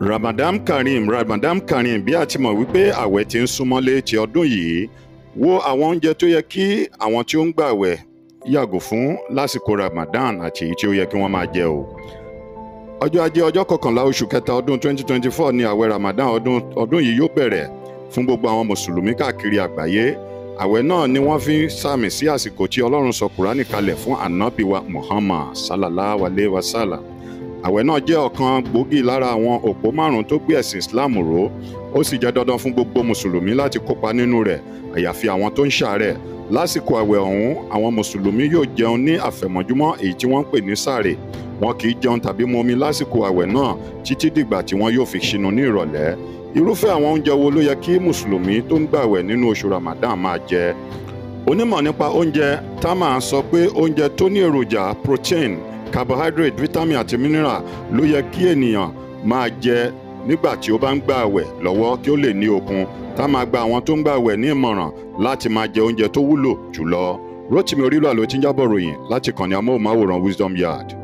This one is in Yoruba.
Ramadan Karim, Ramadan Karim, bí a ti mọ̀ wípé àwẹ̀ ti ń súnmọ́lé ti ọdún yìí wo àwọn oúnjẹ tó yẹ kí àwọn tí ó ń gbàwẹ̀ yàgò fún lásìkò Ramadan àti èyí tí ó yẹ kí wọ́n máa jẹ o. ọjọ́ ajé ọjọ́ kọkànlá oṣù kẹta ọdún 2024 ni àwẹ̀ Ramadan ọdún ọdún yìí yóò bẹ̀rẹ̀ fún gbogbo àwọn mùsùlùmí káàkiri àgbáyé àwẹ̀ náà ni wọ́n fi sàmì sí àsìkò tí Ọlọ́run sọ Kùránì kalẹ̀ fún ànábì Muhammad sallallahu alayhi wa sallam àwẹ̀ náà jẹ́ ọ̀kan gbòógì lára àwọn òpó márùn-ún tó gbé ẹ̀sìn Islam ró ó sì jẹ́ dandan fún gbogbo mùsùlùmí láti kópa nínú rẹ̀ àyàfi àwọn tó ń ṣàárẹ̀ lásìkò àwẹ̀ ọ̀hún àwọn mùsùlùmí yóò jẹun ní àfẹ̀mọ́júmọ́ èyí tí wọ́n ń pè ní sáré wọn kì í jẹun tàbí mu omi lásìkò àwẹ̀ náà títí dìgbà tí wọn yóò fi ṣinu ní ìrọ̀lẹ́ irúfẹ́ àwọn oúnjẹ wo ló yẹ kí mùsùlùmí tó ń gbàwẹ̀ nínú oṣù Ramadan máa jẹ onímọ̀ nípa oúnjẹ Tama sọ pé oúnjẹ tó ní èròjà protein carbohydrate vitamin àti mineral ló yẹ kí ènìyàn máa jẹ nígbà tí ó bá ń gbààwẹ̀ lọ́wọ́ kí ó lè ní okun tá máa gba àwọn tó ń gbààwẹ̀ ní ìmọ̀ràn láti máa jẹ oúnjẹ tó wúlò jùlọ. Rótìmí Orílọ̀ ló ń jábọ̀ ròyìn láti kàn ní amóhùnmáwòrán Wisdom Yard.